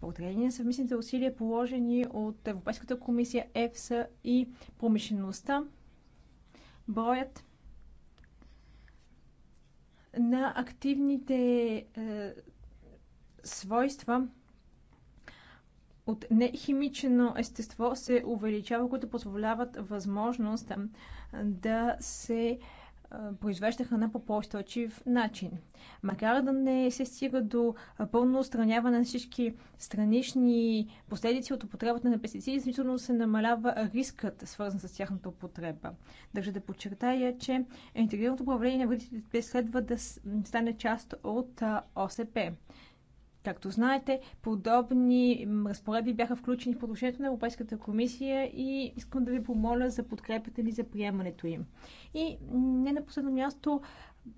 Благодарение на съвместните усилия, положени от Европейската комисия, ЕФСА и промишлеността, броят на активните е, свойства от нехимично естество се увеличава, които позволяват възможност е, да се е, произвеждаха на по-устойчив начин. Макар да не се стига до пълно устраняване на всички странични последици от употребата на пестициди, значително се намалява рискът, свързан с тяхната употреба. Държа да подчертая, че интегрираното управление на вредите следва да стане част от ОСП. Както знаете, подобни разпоредби бяха включени в продължението на Европейската комисия и искам да ви помоля за подкрепата ни за приемането им. И не на последно място,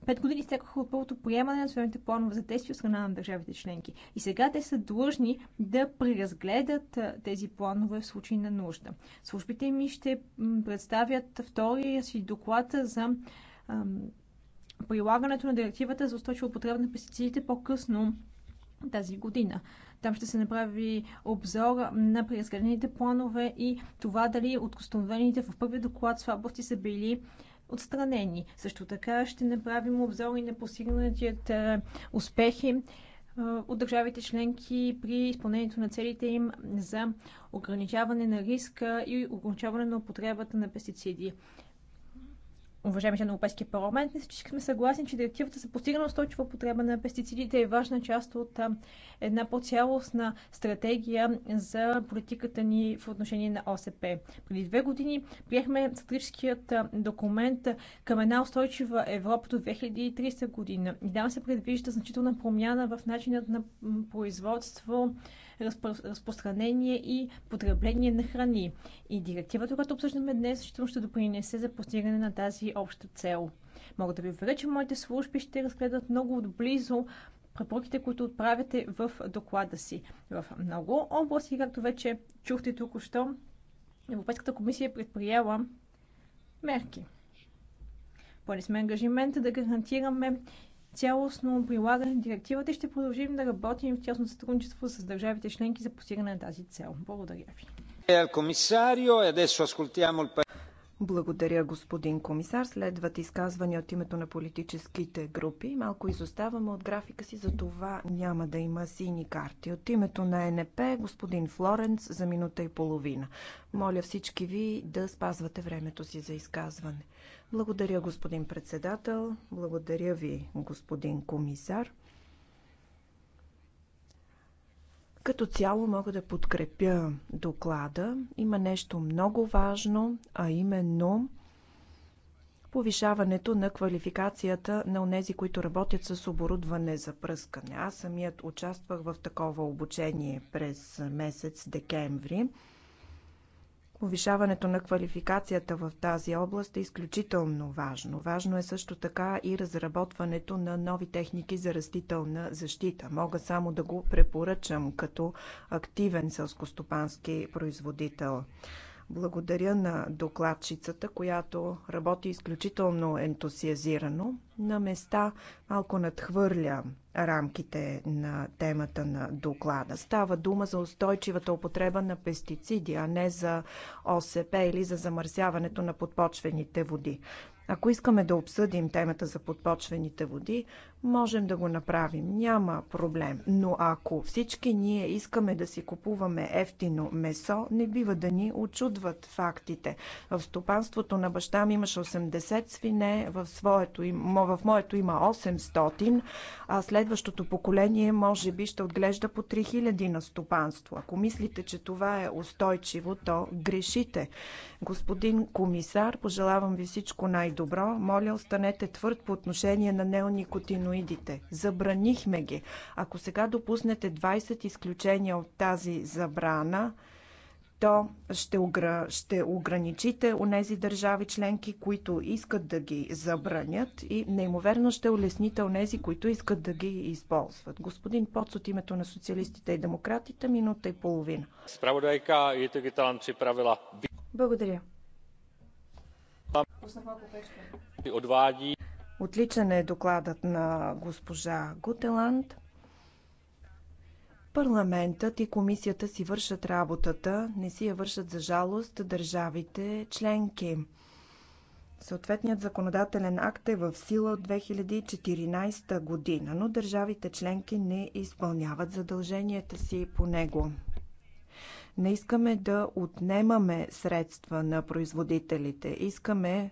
Пет години изтекоха от първото приемане на своите планове за действие от страна на държавите членки. И сега те са длъжни да преразгледат тези планове в случай на нужда. Службите ми ще представят втория си доклад за прилагането на директивата за устойчиво употреба на пестицидите по-късно тази година. Там ще се направи обзор на преразгледаните планове и това дали от установените в първия доклад слабости са били отстранени. Също така ще направим обзори на постигнатият е, успехи е, от държавите членки при изпълнението на целите им за ограничаване на риска и ограничаване на употребата на пестициди уважаеми член на Европейския парламент, мисля, че сме съгласни, че директивата за постигна устойчива потреба на пестицидите е важна част от една по-цялостна стратегия за политиката ни в отношение на ОСП. Преди две години приехме стратегическият документ към една устойчива Европа до 2030 година. И там се предвижда значителна промяна в начинът на производство разпро... разпространение и потребление на храни. И директивата, която обсъждаме днес, ще, ще допринесе за постигане на тази обща цел. Мога да ви уверя, че моите служби ще разгледат много отблизо препоръките, които отправяте в доклада си. В много области, както вече чухте току-що, Европейската комисия е предприела мерки. Поели сме ангажимента да гарантираме цялостно прилагане на директивата и ще продължим да работим в тясно сътрудничество с държавите членки за постигане на тази цел. Благодаря ви. Е, благодаря, господин комисар. Следват изказвания от името на политическите групи. Малко изоставаме от графика си, за това няма да има сини карти. От името на НП, господин Флоренц, за минута и половина. Моля всички ви да спазвате времето си за изказване. Благодаря, господин председател. Благодаря ви, господин комисар. Като цяло мога да подкрепя доклада. Има нещо много важно, а именно повишаването на квалификацията на онези, които работят с оборудване за пръскане. Аз самият участвах в такова обучение през месец декември. Повишаването на квалификацията в тази област е изключително важно. Важно е също така и разработването на нови техники за растителна защита. Мога само да го препоръчам като активен селскостопански производител. Благодаря на докладчицата, която работи изключително ентусиазирано. На места малко надхвърля рамките на темата на доклада. Става дума за устойчивата употреба на пестициди, а не за ОСП или за замърсяването на подпочвените води. Ако искаме да обсъдим темата за подпочвените води, можем да го направим. Няма проблем. Но ако всички ние искаме да си купуваме ефтино месо, не бива да ни очудват фактите. В стопанството на баща ми имаше 80 свине, в, своето, в моето има 800, а следващото поколение може би ще отглежда по 3000 на стопанство. Ако мислите, че това е устойчиво, то грешите. Господин комисар, пожелавам ви всичко най-добро добро, моля останете твърд по отношение на неоникотиноидите. Забранихме ги. Ако сега допуснете 20 изключения от тази забрана, то ще, огр... ще ограничите онези държави членки, които искат да ги забранят и неимоверно ще улесните онези, които искат да ги използват. Господин Поц от името на социалистите и демократите, минута и половина. Справодайка е правила. Благодаря. Отличен е докладът на госпожа Гутеланд. Парламентът и комисията си вършат работата, не си я вършат за жалост държавите членки. Съответният законодателен акт е в сила от 2014 година, но държавите членки не изпълняват задълженията си по него. Не искаме да отнемаме средства на производителите. Искаме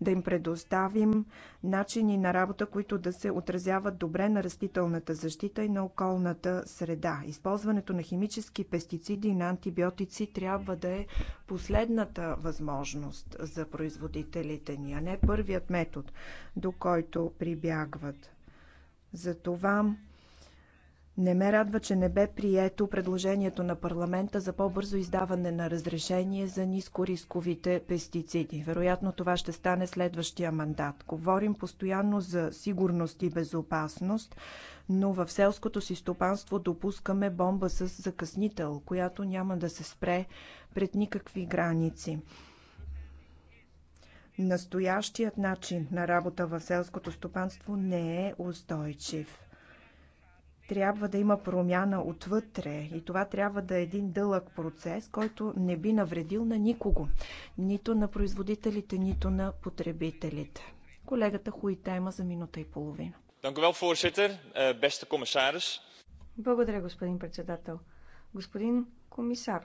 да им предоставим начини на работа, които да се отразяват добре на растителната защита и на околната среда. Използването на химически пестициди и на антибиотици трябва да е последната възможност за производителите ни, а не първият метод, до който прибягват. Затова не ме радва, че не бе прието предложението на парламента за по-бързо издаване на разрешение за нискорисковите пестициди. Вероятно това ще стане следващия мандат. Говорим постоянно за сигурност и безопасност, но в селското си стопанство допускаме бомба с закъснител, която няма да се спре пред никакви граници. Настоящият начин на работа в селското стопанство не е устойчив трябва да има промяна отвътре и това трябва да е един дълъг процес, който не би навредил на никого, нито на производителите, нито на потребителите. Колегата Хуитема за минута и половина. Eh, Благодаря, господин председател. Господин комисар,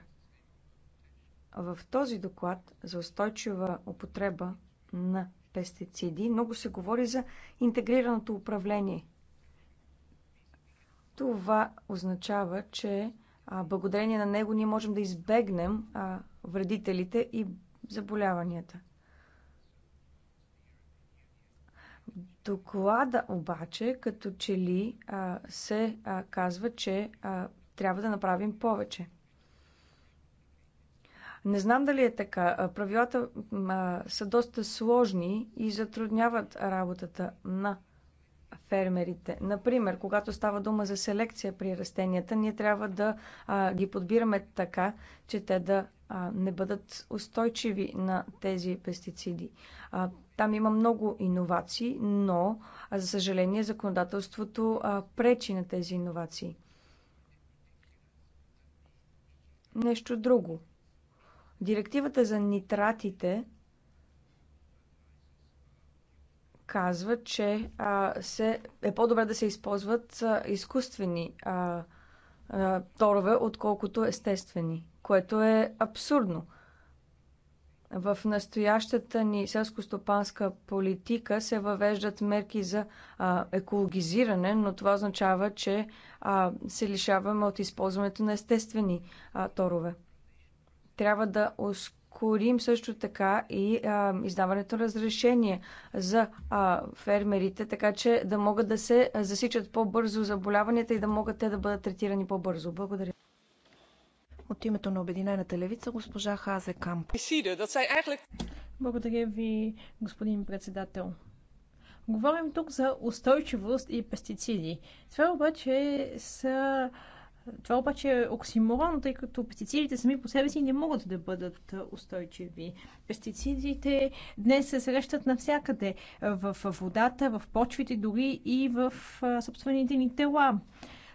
в този доклад за устойчива употреба на пестициди много се говори за интегрираното управление – това означава, че а, благодарение на него ние можем да избегнем а, вредителите и заболяванията. Доклада обаче, като че ли а, се а, казва, че а, трябва да направим повече. Не знам дали е така. Правилата а, са доста сложни и затрудняват работата на фермерите. Например, когато става дума за селекция при растенията, ние трябва да а, ги подбираме така, че те да а, не бъдат устойчиви на тези пестициди. А, там има много иновации, но, а, за съжаление, законодателството а, пречи на тези иновации. Нещо друго. Директивата за нитратите – казва, че а, се, е по-добре да се използват а, изкуствени а, а, торове, отколкото естествени, което е абсурдно. В настоящата ни селско-стопанска политика се въвеждат мерки за а, екологизиране, но това означава, че а, се лишаваме от използването на естествени а, торове. Трябва да ускоряваме ускорим също така и а, издаването на разрешение за а, фермерите, така че да могат да се засичат по-бързо заболяванията и да могат те да бъдат третирани по-бързо. Благодаря. От името на Обединената левица госпожа Хазе Камп. Благодаря ви, господин председател. Говорим тук за устойчивост и пестициди. Това обаче са това обаче е оксиморон, тъй като пестицидите сами по себе си не могат да бъдат устойчиви. Пестицидите днес се срещат навсякъде в водата, в почвите, дори и в собствените ни тела.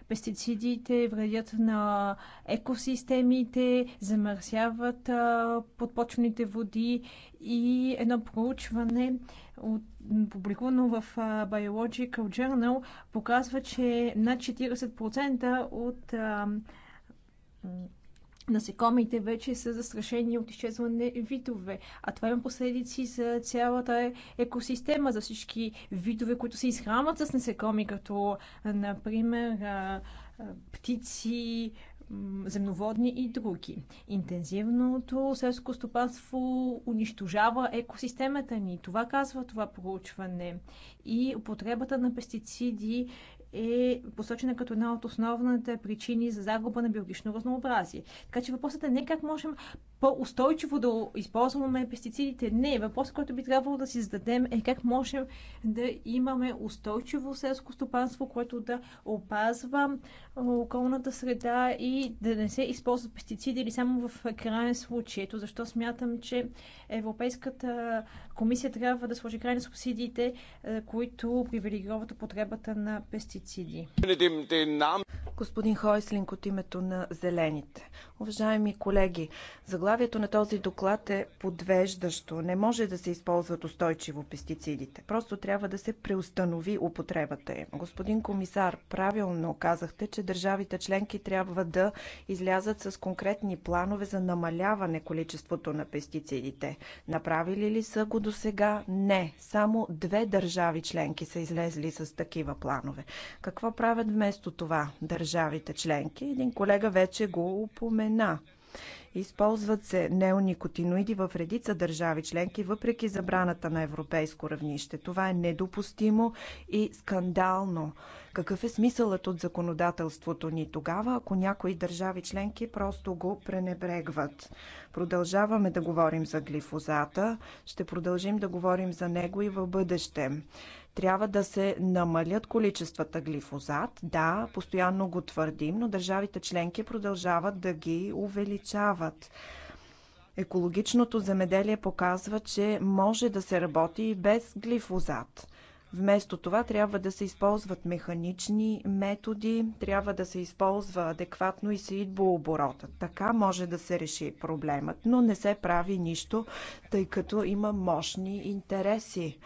Пестицидите вредят на екосистемите, замърсяват подпочвените води и едно проучване от публикувано в Biological Journal показва, че над 40% от насекомите вече са застрашени от изчезване видове. А това има последици за цялата екосистема, за всички видове, които се изхранват с насекоми, като, например, птици, земноводни и други. Интензивното селско стопанство унищожава екосистемата ни. Това казва това проучване. И употребата на пестициди е посочена като една от основната причини за загуба на биологично разнообразие. Така че въпросът е не как можем по-устойчиво да използваме пестицидите. Не, въпросът, който би трябвало да си зададем е как можем да имаме устойчиво селско стопанство, което да опазва околната среда и да не се използват пестициди или само в крайен случай. Ето защо смятам, че Европейската комисия трябва да сложи край на субсидиите, които привилегироват употребата на пестициди пестициди. Господин Хойслинг от името на Зелените. Уважаеми колеги, заглавието на този доклад е подвеждащо. Не може да се използват устойчиво пестицидите. Просто трябва да се преустанови употребата им. Господин комисар, правилно казахте, че държавите членки трябва да излязат с конкретни планове за намаляване количеството на пестицидите. Направили ли са го до сега? Не. Само две държави членки са излезли с такива планове. Какво правят вместо това държавите членки? Един колега вече го упомена. Използват се неоникотиноиди в редица държави членки, въпреки забраната на европейско равнище. Това е недопустимо и скандално. Какъв е смисълът от законодателството ни тогава, ако някои държави членки просто го пренебрегват? Продължаваме да говорим за глифозата, ще продължим да говорим за него и в бъдеще трябва да се намалят количествата глифозат. Да, постоянно го твърдим, но държавите членки продължават да ги увеличават. Екологичното земеделие показва, че може да се работи и без глифозат. Вместо това трябва да се използват механични методи, трябва да се използва адекватно и сеидбооборота. Така може да се реши проблемът, но не се прави нищо, тъй като има мощни интереси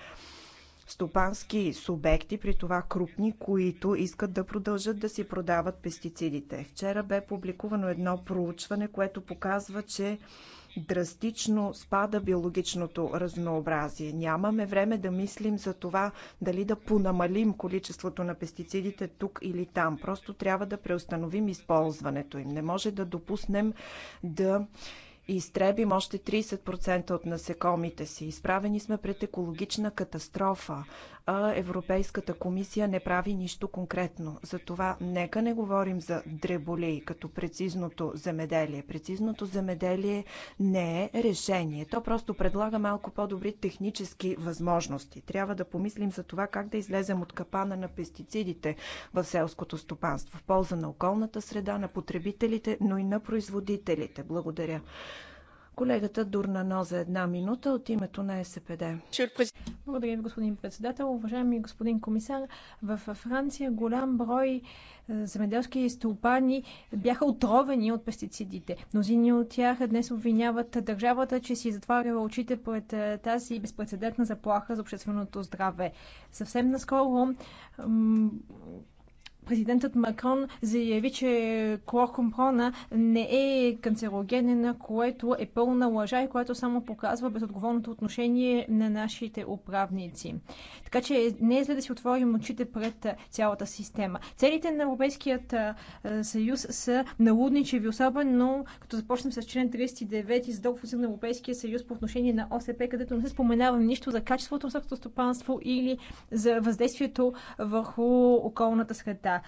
стопански субекти, при това крупни, които искат да продължат да си продават пестицидите. Вчера бе публикувано едно проучване, което показва, че драстично спада биологичното разнообразие. Нямаме време да мислим за това дали да понамалим количеството на пестицидите тук или там. Просто трябва да преустановим използването им. Не може да допуснем да изтребим още 30% от насекомите си. Изправени сме пред екологична катастрофа а Европейската комисия не прави нищо конкретно. Затова нека не говорим за дреболей като прецизното земеделие. Прецизното земеделие не е решение. То просто предлага малко по-добри технически възможности. Трябва да помислим за това как да излезем от капана на пестицидите в селското стопанство в полза на околната среда, на потребителите, но и на производителите. Благодаря. Колегата Дурнано за една минута от името на СПД. Благодаря ви, господин председател. Уважаеми господин комисар, в Франция голям брой е, земеделски стопани бяха отровени от пестицидите. Мнозини от тях днес обвиняват държавата, че си е затваряла очите пред е, тази безпредседентна заплаха за общественото здраве. Съвсем наскоро президентът Макрон заяви, че клохомпона не е канцерогенен, което е пълна лъжа и което само показва безотговорното отношение на нашите управници. Така че не е зле да си отворим очите пред цялата система. Целите на Европейският съюз са налудничеви, особено като започнем с член 39 с договор на Европейския съюз по отношение на ОСП, където не се споменава нищо за качеството на стопанство или за въздействието върху околната среда.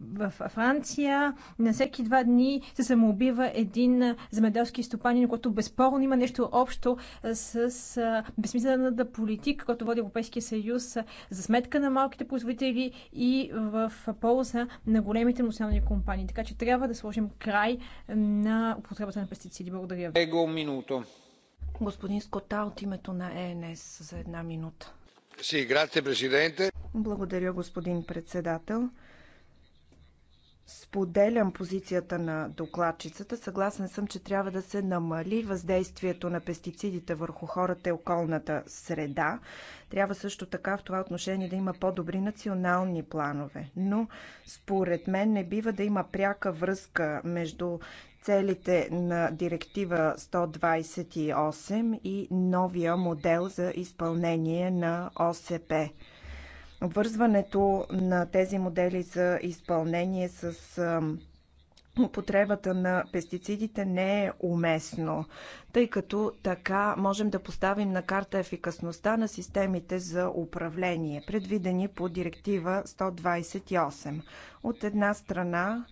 В Франция на всеки два дни се самоубива един земеделски стопанин, който безспорно има нещо общо с безсмислената политика, която води Европейския съюз за сметка на малките производители и в полза на големите национални компании. Така че трябва да сложим край на употребата на пестициди. Благодаря ви. Его минуто. Господин Скота от името на ЕНС за една минута. Благодаря, господин председател. Споделям позицията на докладчицата. Съгласен съм, че трябва да се намали въздействието на пестицидите върху хората и околната среда. Трябва също така в това отношение да има по-добри национални планове. Но според мен не бива да има пряка връзка между целите на Директива 128 и новия модел за изпълнение на ОСП. Обвързването на тези модели за изпълнение с употребата на пестицидите не е уместно, тъй като така можем да поставим на карта ефикасността на системите за управление, предвидени по директива 128. От една страна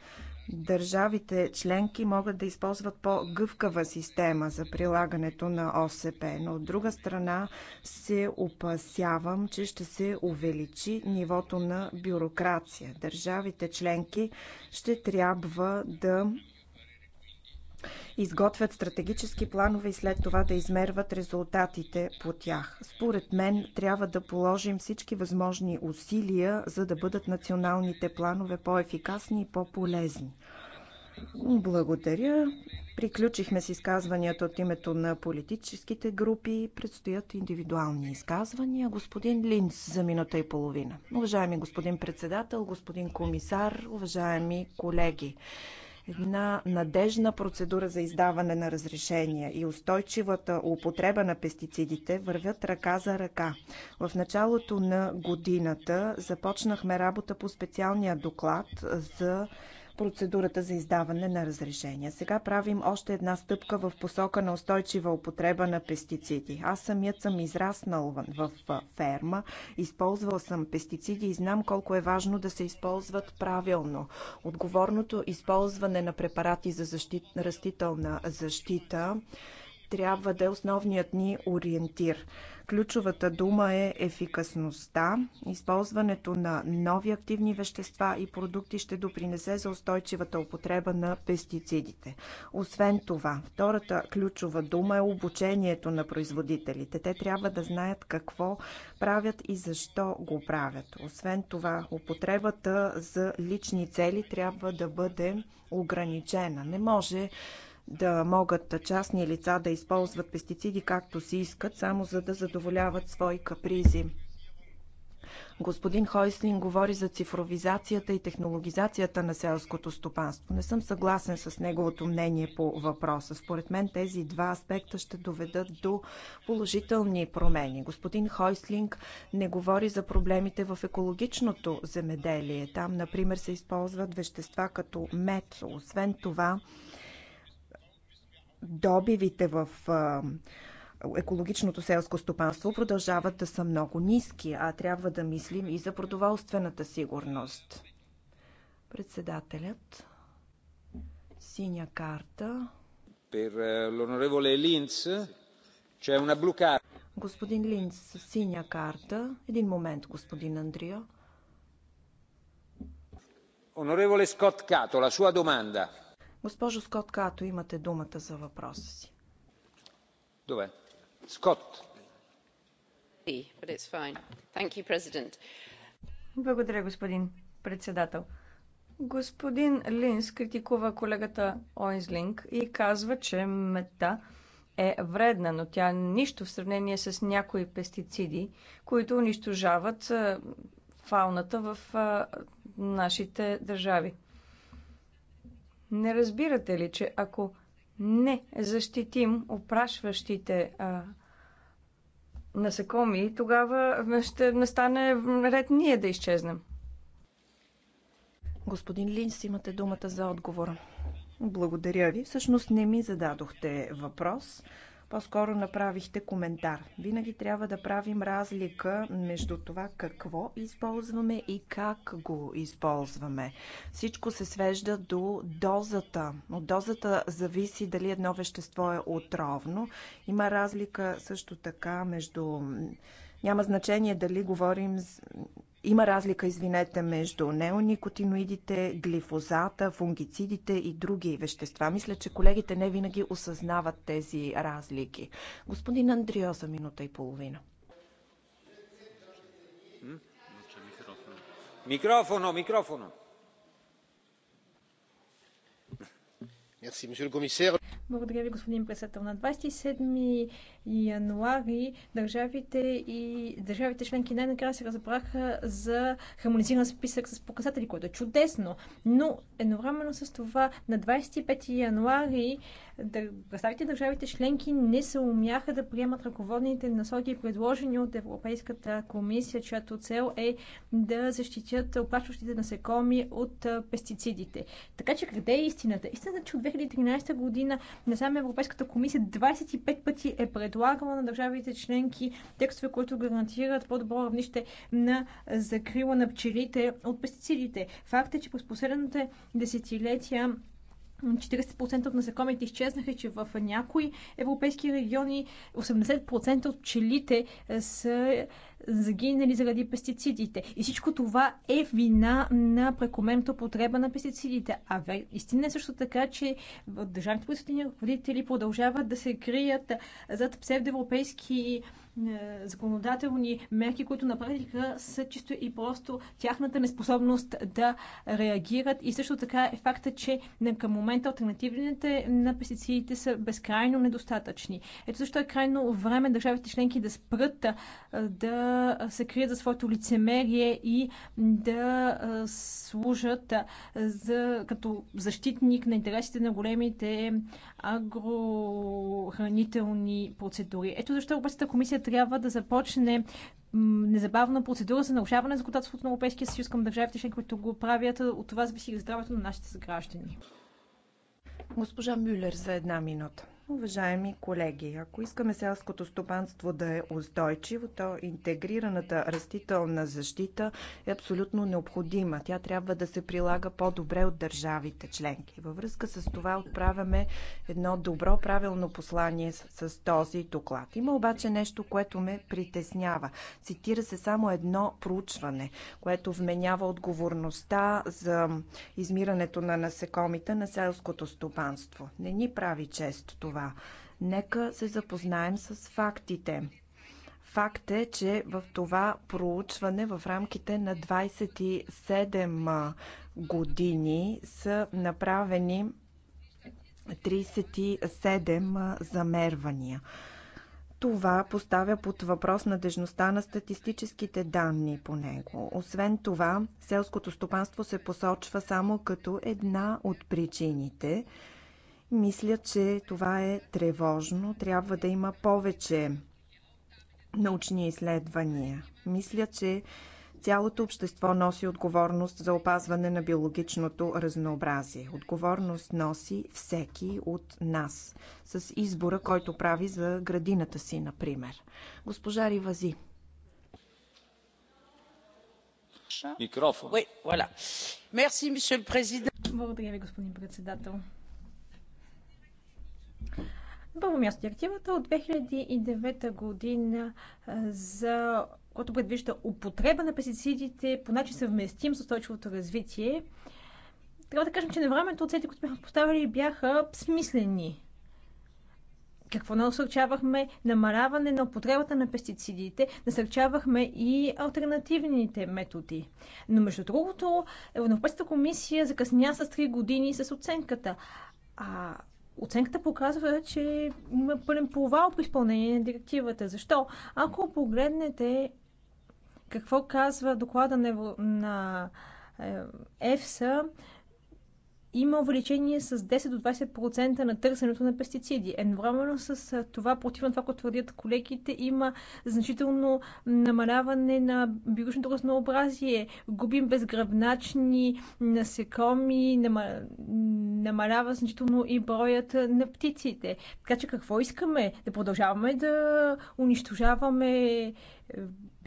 Държавите членки могат да използват по-гъвкава система за прилагането на ОСП, но от друга страна се опасявам, че ще се увеличи нивото на бюрокрация. Държавите членки ще трябва да изготвят стратегически планове и след това да измерват резултатите по тях. Според мен трябва да положим всички възможни усилия, за да бъдат националните планове по-ефикасни и по-полезни. Благодаря. Приключихме с изказванията от името на политическите групи. Предстоят индивидуални изказвания. Господин Линц за минута и половина. Уважаеми господин председател, господин комисар, уважаеми колеги една надежна процедура за издаване на разрешения и устойчивата употреба на пестицидите вървят ръка за ръка. В началото на годината започнахме работа по специалния доклад за процедурата за издаване на разрешения. Сега правим още една стъпка в посока на устойчива употреба на пестициди. Аз самият съм израснал в ферма, използвал съм пестициди и знам колко е важно да се използват правилно. Отговорното използване на препарати за защит, растителна защита трябва да е основният ни ориентир. Ключовата дума е ефикасността. Използването на нови активни вещества и продукти ще допринесе за устойчивата употреба на пестицидите. Освен това, втората ключова дума е обучението на производителите. Те трябва да знаят какво правят и защо го правят. Освен това, употребата за лични цели трябва да бъде ограничена. Не може да могат частни лица да използват пестициди както си искат, само за да задоволяват свои капризи. Господин Хойслин говори за цифровизацията и технологизацията на селското стопанство. Не съм съгласен с неговото мнение по въпроса. Според мен тези два аспекта ще доведат до положителни промени. Господин Хойслинг не говори за проблемите в екологичното земеделие. Там, например, се използват вещества като мед. Освен това, добивите в екологичното селско стопанство продължават да са много ниски, а трябва да мислим и за продоволствената сигурност. Председателят. Синя карта. Е, господин Линц, синя карта. Един момент, господин Андрио. Онореволе Скот Като, ла суа доманда. Госпожо Скот Като, имате думата за въпроса си. Добре. Скот. Благодаря, господин председател. Господин Линс критикува колегата Ойнзлинг и казва, че мета е вредна, но тя нищо в сравнение с някои пестициди, които унищожават фауната в нашите държави. Не разбирате ли, че ако не защитим опрашващите а, насекоми, тогава ще настане ред ние да изчезнем? Господин Линс, имате думата за отговор. Благодаря ви. Всъщност не ми зададохте въпрос. По-скоро направихте коментар. Винаги трябва да правим разлика между това какво използваме и как го използваме. Всичко се свежда до дозата. От дозата зависи дали едно вещество е отровно. Има разлика също така между няма значение дали говорим има разлика, извинете, между неоникотиноидите, глифозата, фунгицидите и други вещества. Мисля, че колегите не винаги осъзнават тези разлики. Господин Андрио за минута и половина. Микрофоно, микрофоно. Благодаря ви, господин председател. На 27 януари държавите и държавите членки най-накрая се разбраха за хармонизиран списък с показатели, което е чудесно. Но едновременно с това на 25 януари представите държавите членки не се умяха да приемат ръководните насоки, предложени от Европейската комисия, чиято цел е да защитят опашващите насекоми от пестицидите. Така че къде е истината? Истината, е, че от 2013 година Насам Европейската комисия 25 пъти е предлагала на държавите членки текстове, които гарантират по-добро равнище на закрила на пчелите от пестицидите. Факт е, че през последните десетилетия 40% от насекомите изчезнаха, че в някои европейски региони 80% от пчелите са загинали заради пестицидите. И всичко това е вина на прекомерната потреба на пестицидите. А истина е също така, че държавните производителни родители продължават да се крият зад псевдоевропейски е, законодателни мерки, които на практика са чисто и просто тяхната неспособност да реагират. И също така е факта, че към момента альтернативните на пестицидите са безкрайно недостатъчни. Ето защо е крайно време държавите членки да спрат е, да да се крият за своето лицемерие и да служат за, като защитник на интересите на големите агрохранителни процедури. Ето защо Европейската комисия трябва да започне незабавна процедура за нарушаване на законодателството на Европейския съюз към държавите които го правят. От това зависи здравето на нашите съграждани. Госпожа Мюлер за една минута. Уважаеми колеги, ако искаме селското стопанство да е устойчиво, то интегрираната растителна защита е абсолютно необходима. Тя трябва да се прилага по-добре от държавите членки. Във връзка с това отправяме едно добро, правилно послание с, с този доклад. Има обаче нещо, което ме притеснява. Цитира се само едно проучване, което вменява отговорността за измирането на насекомите на селското стопанство. Не ни прави често това това. Нека се запознаем с фактите. Факт е, че в това проучване в рамките на 27 години са направени 37 замервания. Това поставя под въпрос надежността на статистическите данни по него. Освен това, селското стопанство се посочва само като една от причините, мисля, че това е тревожно. Трябва да има повече научни изследвания. Мисля, че цялото общество носи отговорност за опазване на биологичното разнообразие. Отговорност носи всеки от нас с избора, който прави за градината си, например. Госпожа Ривази. Микрофон. Благодаря ви, господин председател. Първо място, директивата от 2009 година за което предвижда употреба на пестицидите по начин съвместим с устойчивото развитие. Трябва да кажем, че на времето целите, които бяха поставили, бяха смислени. Какво насърчавахме? Намаляване на употребата на пестицидите, насърчавахме и альтернативните методи. Но между другото, Европейската комисия закъсня с 3 години с оценката. А Оценката показва, че има пълен провал по изпълнение на директивата. Защо? Ако погледнете какво казва доклада на, на е, ЕФСА, има увеличение с 10 до 20% на търсенето на пестициди. Едновременно с това, на това, което твърдят колегите, има значително намаляване на биологичното разнообразие. Губим безгръбначни насекоми, намалява значително и броят на птиците. Така че какво искаме? Да продължаваме да унищожаваме е,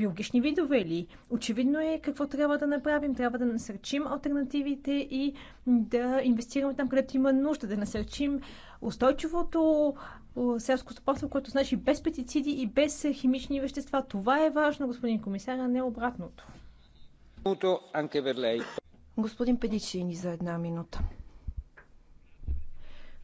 биологични видове ли? Очевидно е какво трябва да направим. Трябва да насърчим альтернативите и да инвестираме там, където има нужда, да насърчим устойчивото селско стопанство, което значи без пестициди и без химични вещества. Това е важно, господин комисар, а не обратното. Господин Педичини за една минута.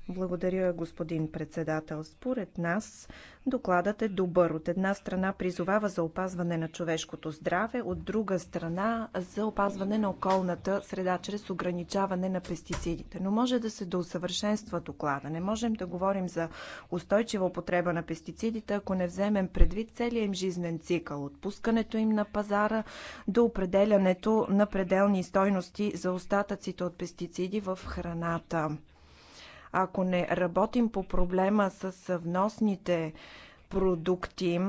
Благодаря, господин председател. Според нас докладът е добър. От една страна призовава за опазване на човешкото здраве, от друга страна за опазване на околната среда чрез ограничаване на пестицидите. Но може да се доусъвършенства доклада. Не можем да говорим за устойчива употреба на пестицидите, ако не вземем предвид целия им жизнен цикъл. отпускането им на пазара до определянето на пределни стойности за остатъците от пестициди в храната. Ако не работим по проблема с вносните продукти,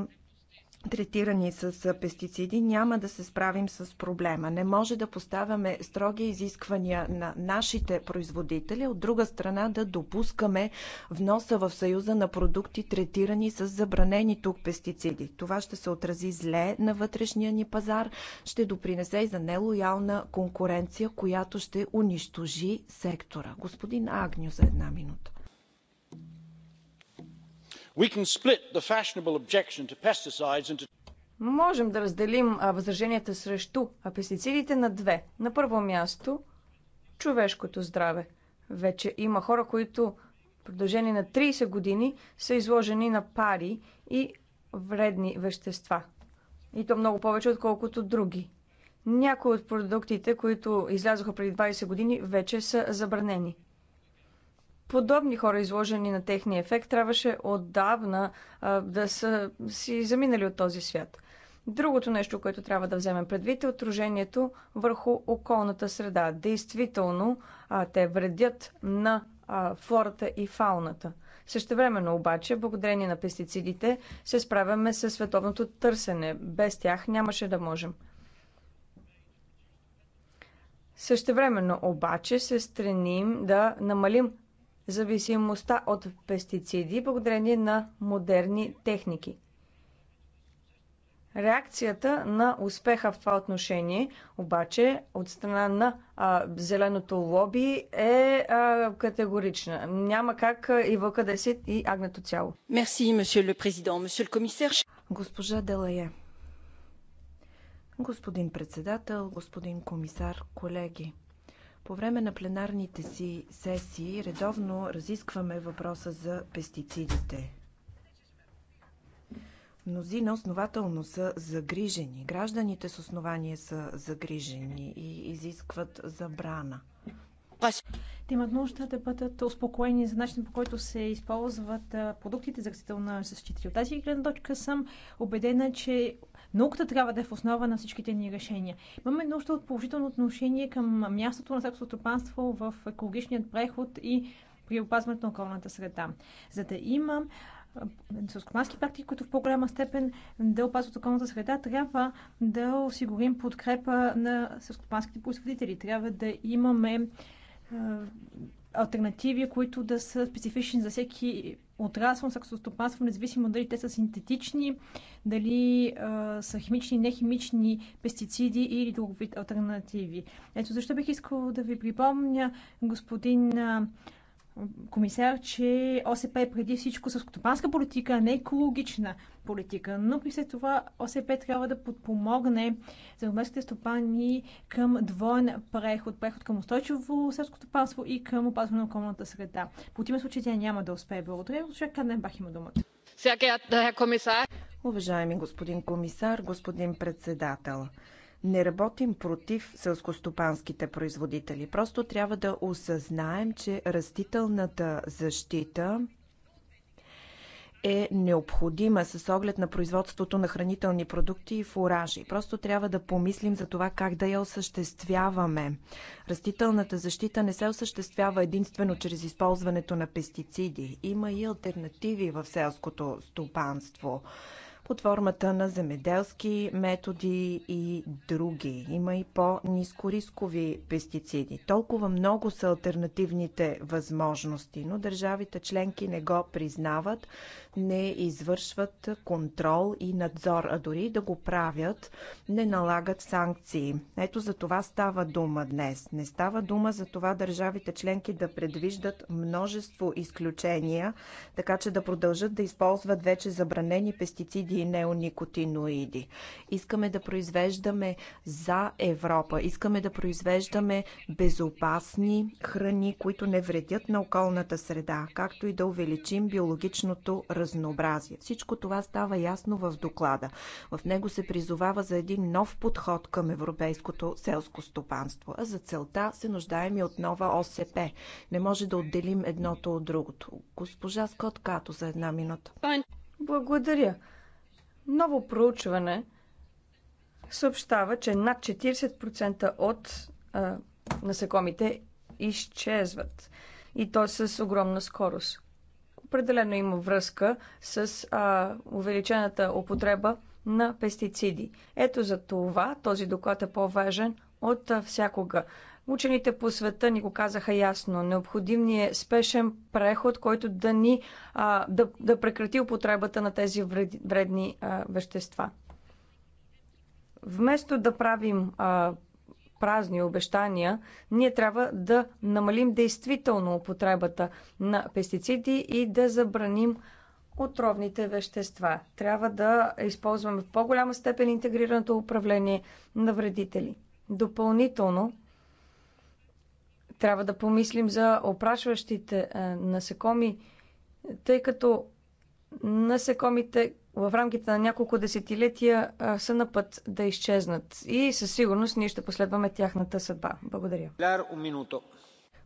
третирани с пестициди, няма да се справим с проблема. Не може да поставяме строги изисквания на нашите производители, от друга страна да допускаме вноса в Съюза на продукти, третирани с забранени тук пестициди. Това ще се отрази зле на вътрешния ни пазар, ще допринесе и за нелоялна конкуренция, която ще унищожи сектора. Господин Агню за една минута. Можем да разделим възраженията срещу пестицидите на две. На първо място, човешкото здраве. Вече има хора, които в продължение на 30 години са изложени на пари и вредни вещества. И то много повече, отколкото други. Някои от продуктите, които излязоха преди 20 години, вече са забранени подобни хора, изложени на техния ефект, трябваше отдавна а, да са си заминали от този свят. Другото нещо, което трябва да вземем предвид е отражението върху околната среда. Действително, а, те вредят на а, флората и фауната. Същевременно обаче, благодарение на пестицидите, се справяме с световното търсене. Без тях нямаше да можем. Същевременно обаче се стремим да намалим зависимостта от пестициди благодарение на модерни техники. Реакцията на успеха в това отношение, обаче, от страна на а, зеленото лоби е а, категорична. Няма как и вълка да си и агнето цяло. Мерси, месье ле президент, месье ле комисар. Госпожа Делае. Господин председател, господин комисар, колеги. По време на пленарните си сесии редовно разискваме въпроса за пестицидите. Мнозина основателно са загрижени. Гражданите с основание са загрижени и изискват забрана – те имат нужда да бъдат успокоени за начин по който се използват продуктите за растителна защита. От тази гледна точка съм убедена, че науката трябва да е в основа на всичките ни решения. Имаме нужда от положително отношение към мястото на селското стопанство в екологичният преход и при опазването на околната среда. За да има селскомански практики, които в по-голяма степен да опазват околната среда, трябва да осигурим подкрепа на селскопанските производители. Трябва да имаме альтернативи, които да са специфични за всеки отрасъл, саксостопанство, независимо дали те са синтетични, дали а, са химични, нехимични пестициди или друг вид альтернативи. Ето защо бих искал да ви припомня, господин а, комисар, че ОСП е преди всичко съскотопанска политика, а не екологична политика. Но при след това ОСП трябва да подпомогне земеделските стопани към двоен преход. Преход към устойчиво селскотопанство и към опазване на околната среда. По противен случай тя няма да успее. Благодаря. Каден Бах има думата. Всякият комисар. Уважаеми господин комисар, господин председател не работим против селскостопанските производители. Просто трябва да осъзнаем, че растителната защита е необходима с оглед на производството на хранителни продукти и фуражи. Просто трябва да помислим за това как да я осъществяваме. Растителната защита не се осъществява единствено чрез използването на пестициди. Има и альтернативи в селското стопанство под формата на земеделски методи и други. Има и по-нискорискови пестициди. Толкова много са альтернативните възможности, но държавите членки не го признават, не извършват контрол и надзор, а дори да го правят, не налагат санкции. Ето за това става дума днес. Не става дума за това държавите членки да предвиждат множество изключения, така че да продължат да използват вече забранени пестициди и неоникотиноиди. Искаме да произвеждаме за Европа. Искаме да произвеждаме безопасни храни, които не вредят на околната среда, както и да увеличим биологичното разнообразие. Всичко това става ясно в доклада. В него се призовава за един нов подход към европейското селско стопанство. А за целта се нуждаем и от нова ОСП. Не може да отделим едното от другото. Госпожа Скот Като за една минута. Благодаря. Ново проучване съобщава, че над 40% от а, насекомите изчезват. И то с огромна скорост. Определено има връзка с а, увеличената употреба на пестициди. Ето за това този доклад е по-важен от всякога. Учените по света ни го казаха ясно. Необходим ни е спешен преход, който да ни а, да, да прекрати употребата на тези вред, вредни а, вещества. Вместо да правим а, празни обещания, ние трябва да намалим действително употребата на пестициди и да забраним отровните вещества. Трябва да използваме в по-голяма степен интегрираното управление на вредители. Допълнително, трябва да помислим за опрашващите е, насекоми, тъй като насекомите в рамките на няколко десетилетия а, е, са на път да изчезнат. И със сигурност ние ще последваме тяхната съдба. Благодаря.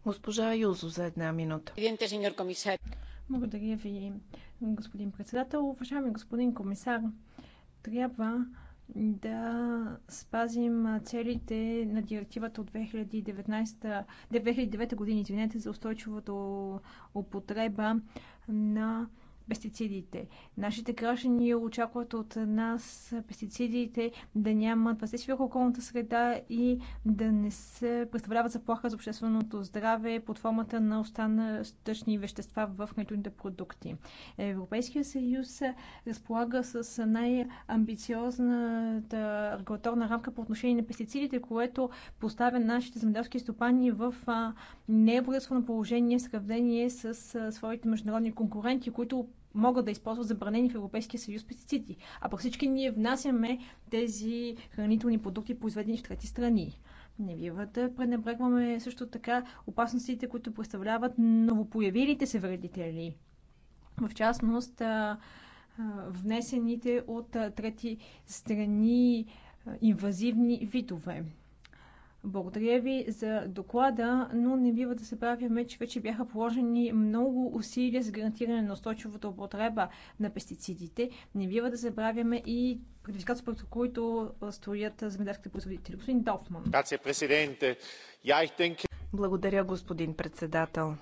Госпожа Юзо за една минута. Благодаря ви, господин председател. Уважаеми господин комисар, трябва да спазим целите на директивата от 2019, 2009 година извинете, за устойчивото употреба на пестицидите. Нашите граждани очакват от нас пестицидите да нямат въздействие върху околната среда и да не се представляват заплаха за общественото здраве под формата на останалищни вещества в хранителните продукти. Европейския съюз разполага с най-амбициозната регулаторна рамка по отношение на пестицидите, което поставя нашите земеделски стопани в неблагодетелствено положение в сравнение с своите международни конкуренти, които могат да използват забранени в Европейския съюз пестициди. А пък всички ние внасяме тези хранителни продукти, произведени в трети страни. Не бива да пренебрегваме също така опасностите, които представляват новопоявилите се вредители. В частност, внесените от трети страни инвазивни видове. Благодаря ви за доклада, но не бива да се правиме, че вече бяха положени много усилия за гарантиране на устойчивата употреба на пестицидите. Не бива да се и предизвикателства, пред които стоят земеделските производители. Господин Дофман. Благодаря, господин председател.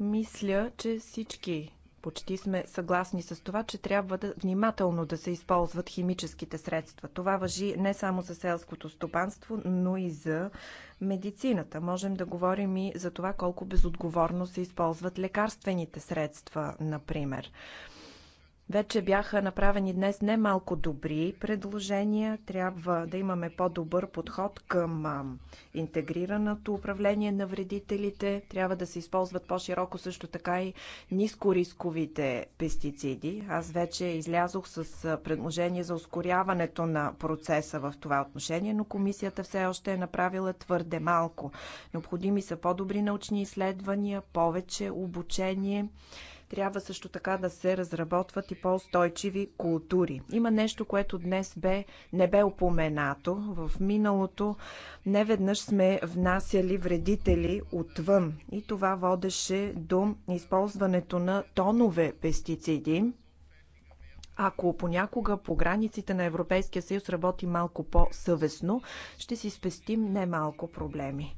Мисля, че всички почти сме съгласни с това, че трябва да, внимателно да се използват химическите средства. Това въжи не само за селското стопанство, но и за медицината. Можем да говорим и за това колко безотговорно се използват лекарствените средства, например. Вече бяха направени днес немалко добри предложения. Трябва да имаме по-добър подход към интегрираното управление на вредителите. Трябва да се използват по-широко също така и нискорисковите пестициди. Аз вече излязох с предложение за ускоряването на процеса в това отношение, но комисията все още е направила твърде малко. Необходими са по-добри научни изследвания, повече обучение трябва също така да се разработват и по-устойчиви култури. Има нещо, което днес бе, не бе упоменато. В миналото неведнъж сме внасяли вредители отвън и това водеше до използването на тонове пестициди, ако понякога по границите на Европейския съюз работи малко по-съвестно, ще си спестим немалко проблеми.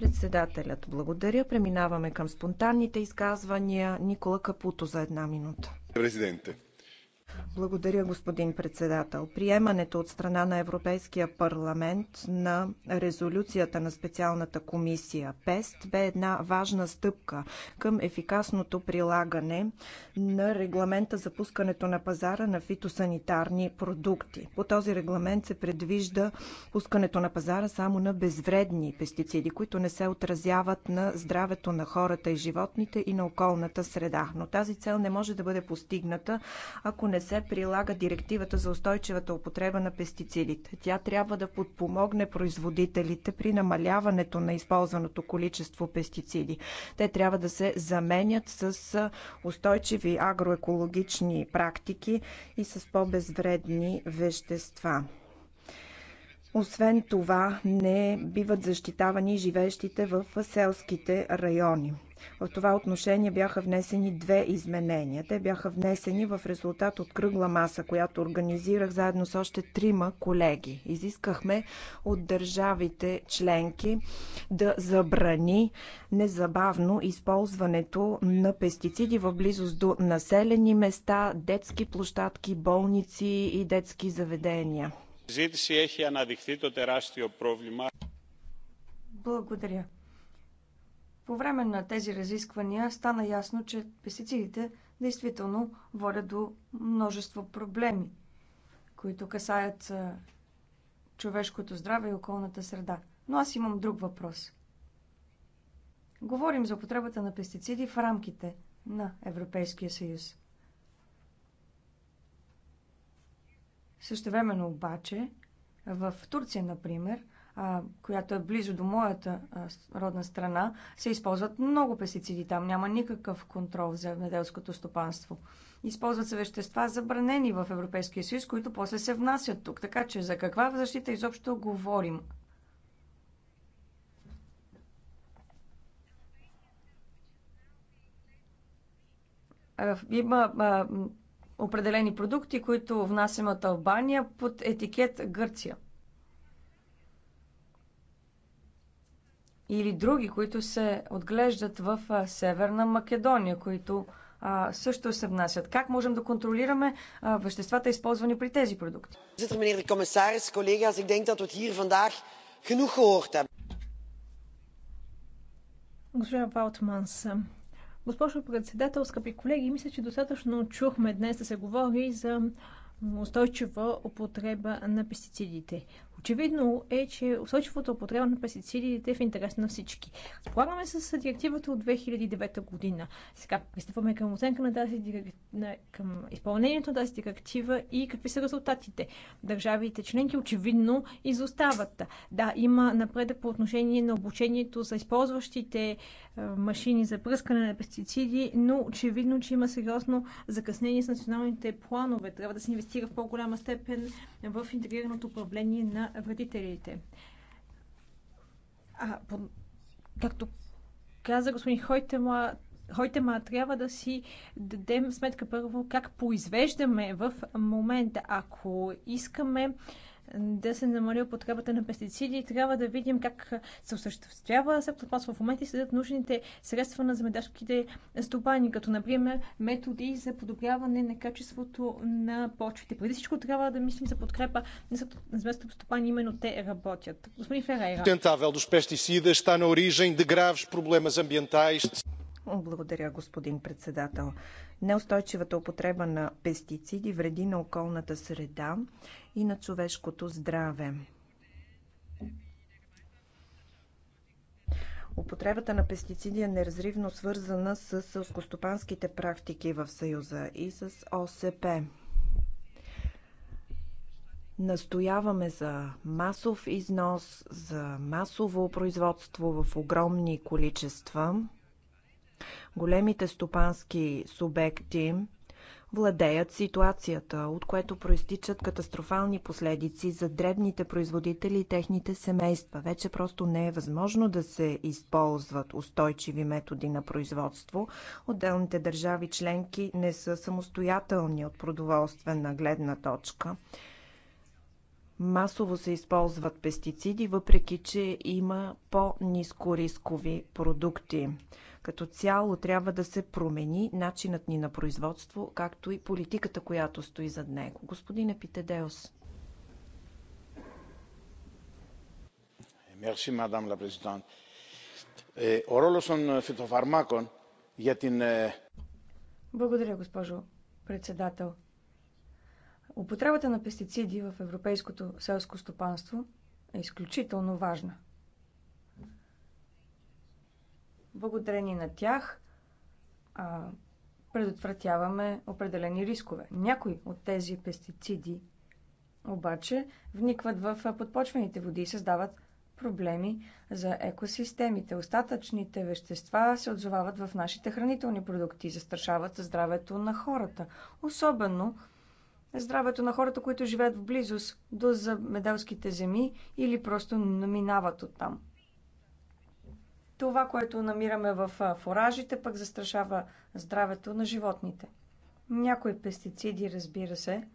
Председателят, благодаря. Преминаваме към спонтанните изказвания. Никола Капуто за една минута. Президенте. Благодаря, господин председател. Приемането от страна на Европейския парламент на резолюцията на специалната комисия ПЕСТ бе една важна стъпка към ефикасното прилагане на регламента за пускането на пазара на фитосанитарни продукти. По този регламент се предвижда пускането на пазара само на безвредни пестициди, които не се отразяват на здравето на хората и животните и на околната среда. Но тази цел не може да бъде постигната, ако не не се прилага директивата за устойчивата употреба на пестицидите. Тя трябва да подпомогне производителите при намаляването на използваното количество пестициди. Те трябва да се заменят с устойчиви агроекологични практики и с по-безвредни вещества. Освен това, не биват защитавани живеещите в селските райони. В това отношение бяха внесени две изменения. Те бяха внесени в резултат от кръгла маса, която организирах заедно с още трима колеги. Изискахме от държавите членки да забрани незабавно използването на пестициди в близост до населени места, детски площадки, болници и детски заведения. Благодаря. По време на тези разисквания стана ясно, че пестицидите действително водят до множество проблеми, които касаят човешкото здраве и околната среда. Но аз имам друг въпрос. Говорим за употребата на пестициди в рамките на Европейския съюз. Същевременно обаче, в Турция, например, която е близо до моята родна страна, се използват много пестициди. Там няма никакъв контрол за земеделското стопанство. Използват се вещества, забранени в Европейския съюз, които после се внасят тук. Така че за каква защита изобщо говорим? Има а, определени продукти, които внасяме от Албания под етикет Гърция. или други, които се отглеждат в Северна Македония, които а, също се внасят. Как можем да контролираме а, веществата, използвани при тези продукти? Voorzitter, de commissaris, collega's, ik denk dat we hier vandaag genoeg gehoord hebben. Госпожа Валтманс, госпожо председател, скъпи колеги, мисля, че достатъчно чухме днес да се говори за устойчива употреба на пестицидите. Очевидно е, че устойчивото употреба на пестицидите е в интерес на всички. Разполагаме с директивата от 2009 година. Сега пристъпваме към оценка на тази директива, към изпълнението на тази директива и какви са резултатите. Държавите членки очевидно изостават. Да, има напредък по отношение на обучението за използващите е, машини за пръскане на пестициди, но очевидно, че има сериозно закъснение с националните планове. Трябва да се инвестира в по-голяма степен в интегрираното управление на родителите. вредителите. по, както каза господин Хойтема, Хойтема, трябва да си дадем сметка първо как произвеждаме в момента. Ако искаме да се намали употребата на пестициди. и Трябва да видим как се осъществява септопанство в момента и следят нужните средства на земеделските стопани, като например методи за подобряване на качеството на почвите. Преди всичко трябва да мислим за подкрепа на земеделските стопани, именно те работят. Господин Ферейра. Тентавел dos pesticidas на na origem de graves problemas ambientais. Благодаря, господин председател. Неустойчивата употреба на пестициди вреди на околната среда и на човешкото здраве. Употребата на пестициди е неразривно свързана с селскостопанските практики в Съюза и с ОСП. Настояваме за масов износ, за масово производство в огромни количества. Големите стопански субекти владеят ситуацията, от което проистичат катастрофални последици за дребните производители и техните семейства. Вече просто не е възможно да се използват устойчиви методи на производство. Отделните държави членки не са самостоятелни от продоволствена гледна точка. Масово се използват пестициди, въпреки че има по низкорискови продукти. Като цяло трябва да се промени начинът ни на производство, както и политиката, която стои зад него. Господин Епитедеос. Мерси, мадам ла президент. Ο ρόλος των φυτοφαρμάκων για την... Благодаря, госпожо председател. Употребата на пестициди в европейското селско стопанство е изключително важна – благодарение на тях а, предотвратяваме определени рискове. Някои от тези пестициди обаче вникват в подпочвените води и създават проблеми за екосистемите. Остатъчните вещества се отзовават в нашите хранителни продукти и застрашават здравето на хората. Особено здравето на хората, които живеят в близост до замеделските земи или просто наминават оттам. Това, което намираме в фуражите, пък застрашава здравето на животните. Някои пестициди, разбира се,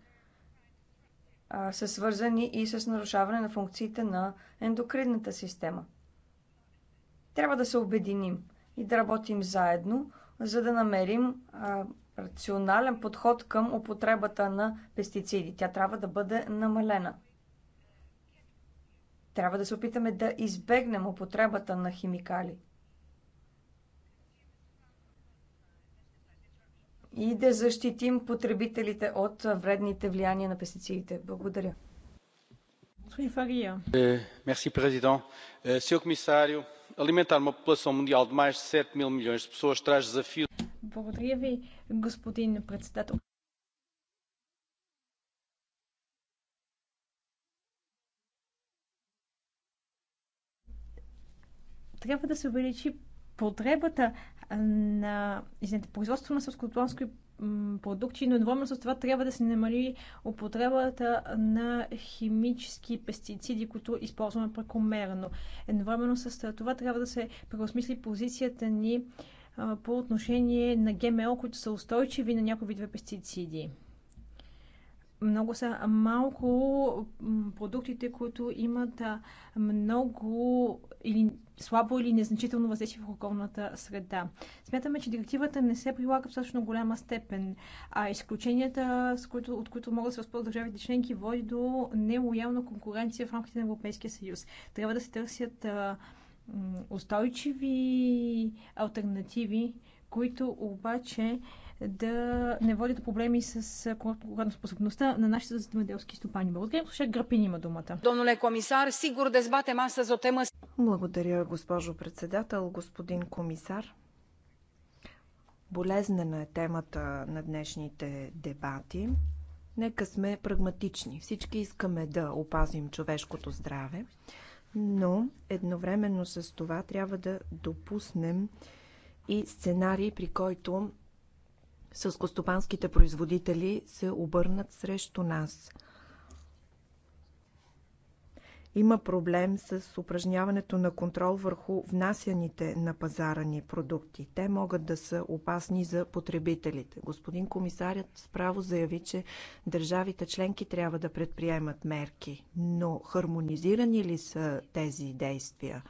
са свързани и с нарушаване на функциите на ендокринната система. Трябва да се обединим и да работим заедно, за да намерим рационален подход към употребата на пестициди. Тя трябва да бъде намалена. Трябва да се опитаме да избегнем употребата на химикали. И да защитим потребителите от вредните влияния на пестицидите. Благодаря. Господин Фария. Е, е, Сеньор комисарио, alimentar uma população mundial de mais de 7 mil milhões de pessoas traz desafios. Благодаря ви, господин председател. трябва да се увеличи потребата на извините, производство на сълскотонски продукти, но едновременно с това трябва да се намали употребата на химически пестициди, които използваме прекомерно. Едновременно с това трябва да се преосмисли позицията ни по отношение на ГМО, които са устойчиви на някои видове пестициди много са малко продуктите, които имат много или слабо или незначително въздействие в околната среда. Смятаме, че директивата не се прилага в същност голяма степен, а изключенията, с които, от които могат да се възползват държавите членки, води до нелоялна конкуренция в рамките на Европейския съюз. Трябва да се търсят а, устойчиви альтернативи, които обаче да не води до проблеми с конкурентоспособността на нашите земеделски стопани. Благодаря, госпожа Грапин има думата. Доноле комисар, сигур дезбатем astăzi за тема. Благодаря, госпожо председател, господин комисар. Болезнена е темата на днешните дебати. Нека сме прагматични. Всички искаме да опазим човешкото здраве, но едновременно с това трябва да допуснем и сценарий, при който сълскостопанските производители се обърнат срещу нас. Има проблем с упражняването на контрол върху внасяните на пазара ни продукти. Те могат да са опасни за потребителите. Господин комисарят справо заяви, че държавите членки трябва да предприемат мерки. Но хармонизирани ли са тези действия?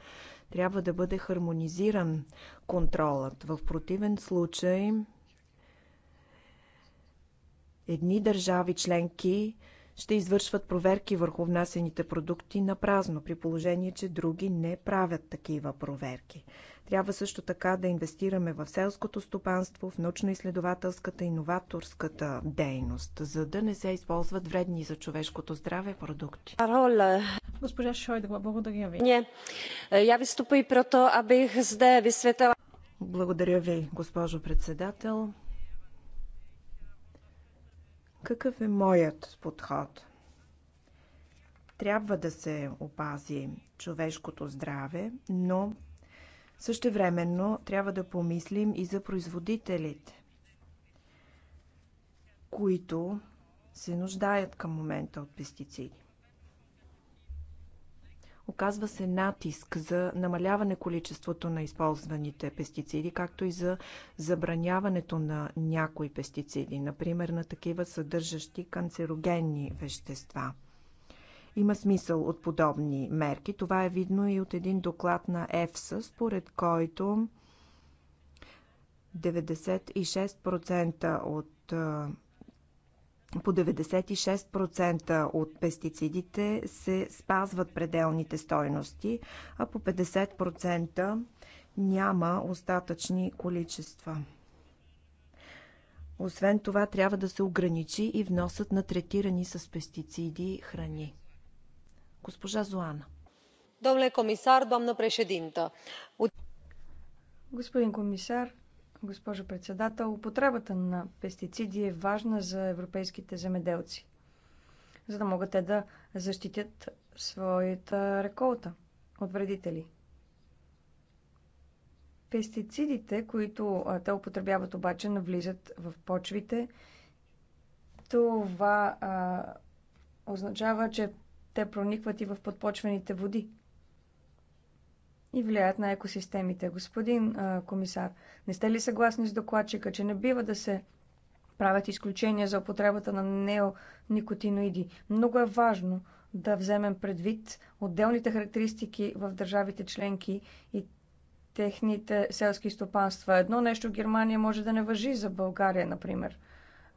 Трябва да бъде хармонизиран контролът. В противен случай Едни държави членки ще извършват проверки върху внасените продукти на празно, при положение, че други не правят такива проверки. Трябва също така да инвестираме в селското стопанство, в научно-изследователската и новаторската дейност, за да не се използват вредни за човешкото здраве продукти. Госпожа Шойдова, благодаря ви. Не, я виступи прото, абих зде висветила. Благодаря ви, госпожо председател. Какъв е моят подход? Трябва да се опази човешкото здраве, но същевременно трябва да помислим и за производителите, които се нуждаят към момента от пестициди. Оказва се натиск за намаляване количеството на използваните пестициди, както и за забраняването на някои пестициди, например на такива съдържащи канцерогенни вещества. Има смисъл от подобни мерки. Това е видно и от един доклад на ЕФСА, според който 96% от по 96% от пестицидите се спазват пределните стойности, а по 50% няма остатъчни количества. Освен това, трябва да се ограничи и вносът на третирани с пестициди храни. Госпожа Зоана. Добре комисар, дамна прешединта. Господин комисар, Госпожо председател, употребата на пестициди е важна за европейските земеделци, за да могат те да защитят своята реколта от вредители. Пестицидите, които те употребяват обаче, навлизат в почвите. Това а, означава, че те проникват и в подпочвените води – и влияят на екосистемите. Господин а, комисар, не сте ли съгласни с докладчика, че не бива да се правят изключения за употребата на неоникотиноиди? Много е важно да вземем предвид отделните характеристики в държавите членки и техните селски стопанства. Едно нещо в Германия може да не въжи за България, например.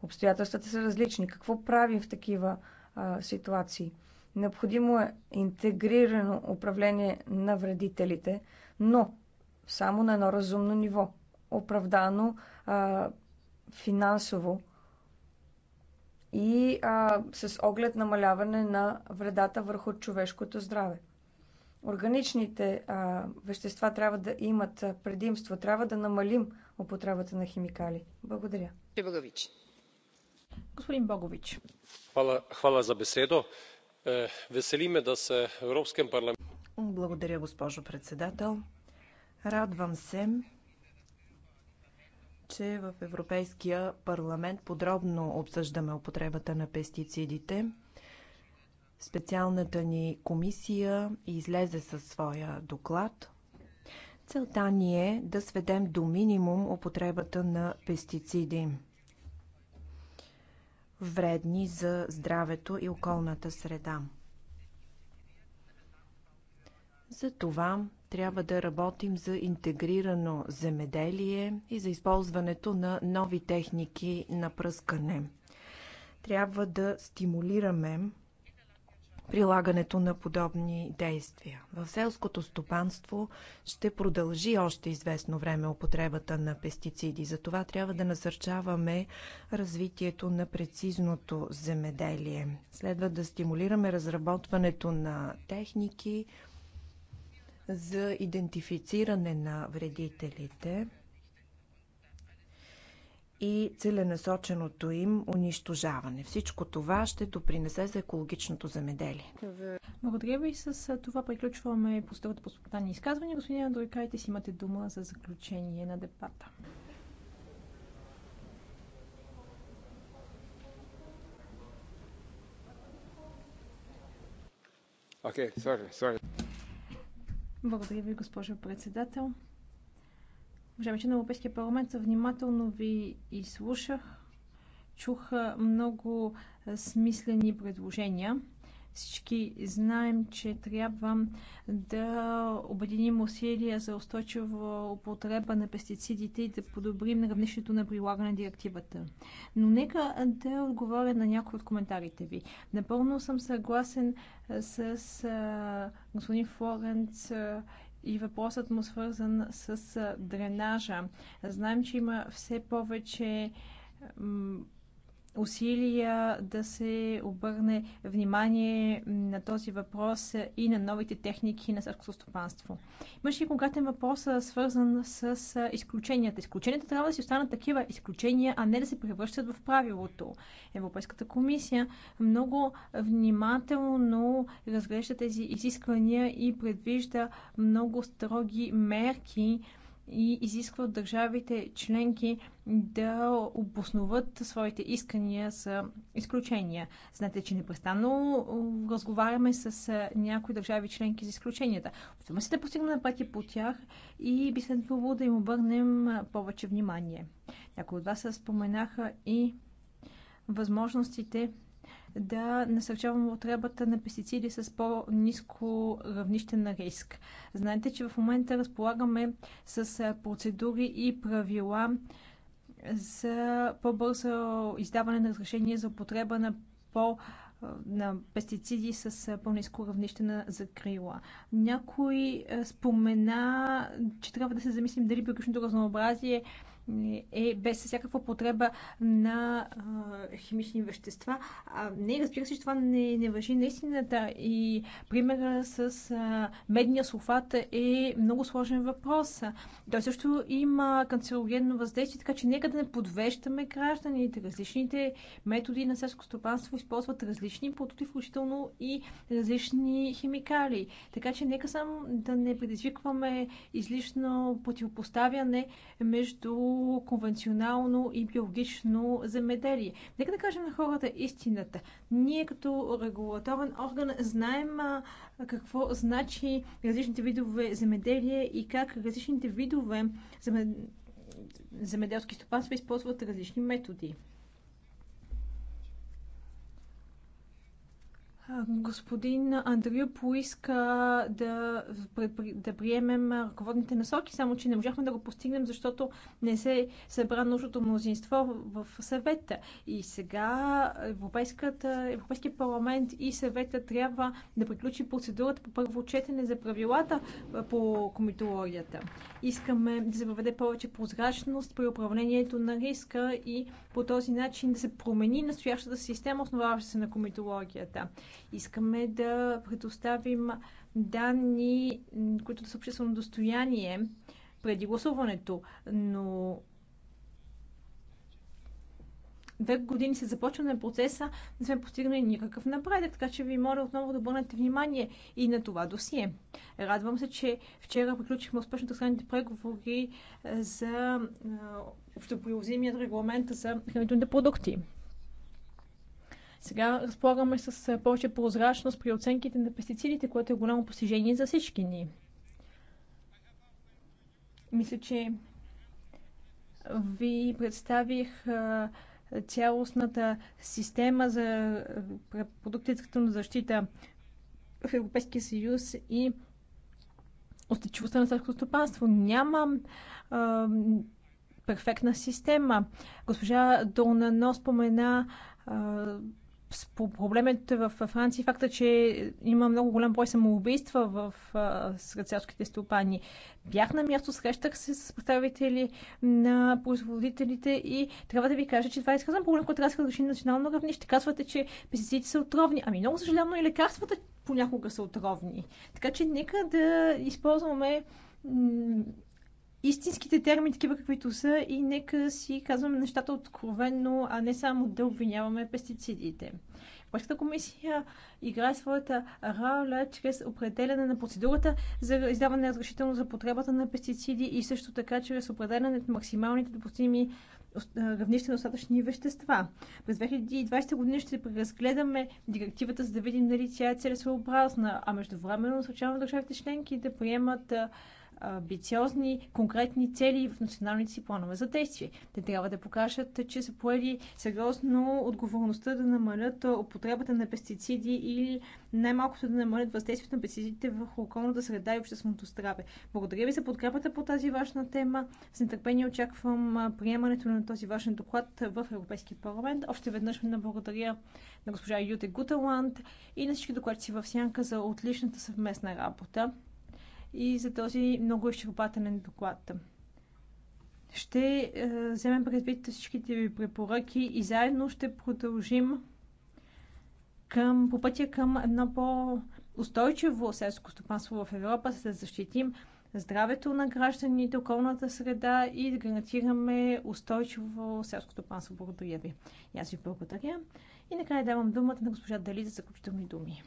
Обстоятелствата са различни. Какво правим в такива а, ситуации? Необходимо е интегрирано управление на вредителите, но само на едно разумно ниво, оправдано а, финансово и а, с оглед намаляване на вредата върху човешкото здраве. Органичните а, вещества трябва да имат предимство, трябва да намалим употребата на химикали. Благодаря. Господин Богович. Hvala, hvala za besedo. Е, Благодаря, госпожо председател. Радвам се, че в Европейския парламент подробно обсъждаме употребата на пестицидите. Специалната ни комисия излезе със своя доклад. Целта ни е да сведем до минимум употребата на пестициди вредни за здравето и околната среда. Затова трябва да работим за интегрирано земеделие и за използването на нови техники на пръскане. Трябва да стимулираме прилагането на подобни действия. В селското стопанство ще продължи още известно време употребата на пестициди. Затова трябва да насърчаваме развитието на прецизното земеделие. Следва да стимулираме разработването на техники за идентифициране на вредителите и целенасоченото им унищожаване. Всичко това ще допринесе за екологичното замеделие. Благодаря ви. С това приключваме постъпването по спонтанни изказвания. Господин Андройкайте, си имате дума за заключение на дебата. Okay, sorry, sorry. Благодаря ви, госпожо председател. Уважаеми че на Европейския парламент внимателно ви изслушах. Чух много смислени предложения. Всички знаем, че трябва да обединим усилия за устойчива употреба на пестицидите и да подобрим равнището на прилагане на директивата. Но нека да отговоря на някои от коментарите ви. Напълно съм съгласен с господин Флоренц и въпросът му свързан с дренажа. Знаем, че има все повече усилия да се обърне внимание на този въпрос и на новите техники на селското стопанство. Имаше и конкретен въпрос, свързан с изключенията. Изключенията трябва да си останат такива изключения, а не да се превръщат в правилото. Европейската комисия много внимателно разглежда тези изисквания и предвижда много строги мерки, и изисква от държавите членки да обосноват своите искания за изключения. Знаете, че непрестанно разговаряме с някои държави членки за изключенията. Опитваме се да постигнем пъти по тях и би следвало да им обърнем повече внимание. Някои от вас споменаха и възможностите да насърчаваме отребата на пестициди с по-низко равнище на риск. Знаете, че в момента разполагаме с процедури и правила за по-бързо издаване на разрешение за употреба на по- на пестициди с по-низко равнище на закрила. Някой спомена, че трябва да се замислим дали биологичното разнообразие е без всякаква потреба на а, химични вещества. А, не, разбира се, че това не, не въжи Да. И примера с а, медния сулфат е много сложен въпрос. Той също има канцерогенно въздействие, така че нека да не подвеждаме гражданите. Различните методи на селско стопанство използват различни продукти, включително и различни химикали. Така че нека само да не предизвикваме излишно противопоставяне между конвенционално и биологично земеделие. Нека да кажем на хората истината. Ние като регулаторен орган знаем какво значи различните видове земеделие и как различните видове земеделски стопанства използват различни методи. Господин Андрю поиска да, да приемем ръководните насоки, само че не можахме да го постигнем, защото не се събра нужното мнозинство в съвета. И сега Европейския парламент и съвета трябва да приключи процедурата по първо четене за правилата по комитологията. Искаме да се въведе повече прозрачност при управлението на риска и по този начин да се промени настоящата система, основаваща се на комитологията. Искаме да предоставим данни, които да са обществено достояние преди гласуването, но две години се започва на процеса, не сме постигнали никакъв напредък, така че ви моля отново да обърнете внимание и на това досие. Радвам се, че вчера приключихме успешно тъканите преговори е, за е, общоприлозимият регламент за хранителните продукти. Сега разполагаме с повече прозрачност при оценките на пестицидите, което е голямо постижение за всички ни. Мисля, че ви представих цялостната система за продуктицата на защита в Европейския съюз и устойчивостта на селското стопанство. Няма перфектна система. Госпожа Долнано спомена а, проблемът в Франция факта, че има много голям брой самоубийства в сръцарските стопани. Бях на място, срещах се с представители на производителите и трябва да ви кажа, че това е изказан проблем, който трябва да се разреши на национално равнище. Казвате, че пестицидите са отровни. Ами много съжалявам, но и лекарствата понякога са отровни. Така че нека да използваме истинските термини, такива каквито са, и нека си казваме нещата откровенно, а не само да обвиняваме пестицидите. Европейската комисия играе своята роля чрез определяне на процедурата за издаване на разрешително за потребата на пестициди и също така чрез определяне на максималните допустими равнища на остатъчни вещества. През 2020 година ще преразгледаме директивата, за да видим дали тя е целесообразна, а междувременно насърчаваме държавите членки да приемат амбициозни, конкретни цели в националните си планове за действие. Те трябва да покажат, че са поели сериозно отговорността да намалят употребата на пестициди или най-малкото да намалят въздействието на пестицидите върху околната среда и общественото здраве. Благодаря ви за подкрепата по тази важна тема. С нетърпение очаквам приемането на този важен доклад в Европейския парламент. Още веднъж на благодаря на госпожа Юте Гуталанд и на всички докладчици в Сянка за отличната съвместна работа и за този много изчерпателен доклад. Ще е, вземем предвид всичките ви препоръки и заедно ще продължим към, по пътя към едно по-устойчиво селско стопанство в Европа, за да защитим здравето на гражданите, околната среда и да гарантираме устойчиво селско стопанство. Благодаря ви. И аз ви благодаря. И накрая давам думата на госпожа Дали за заключителни думи.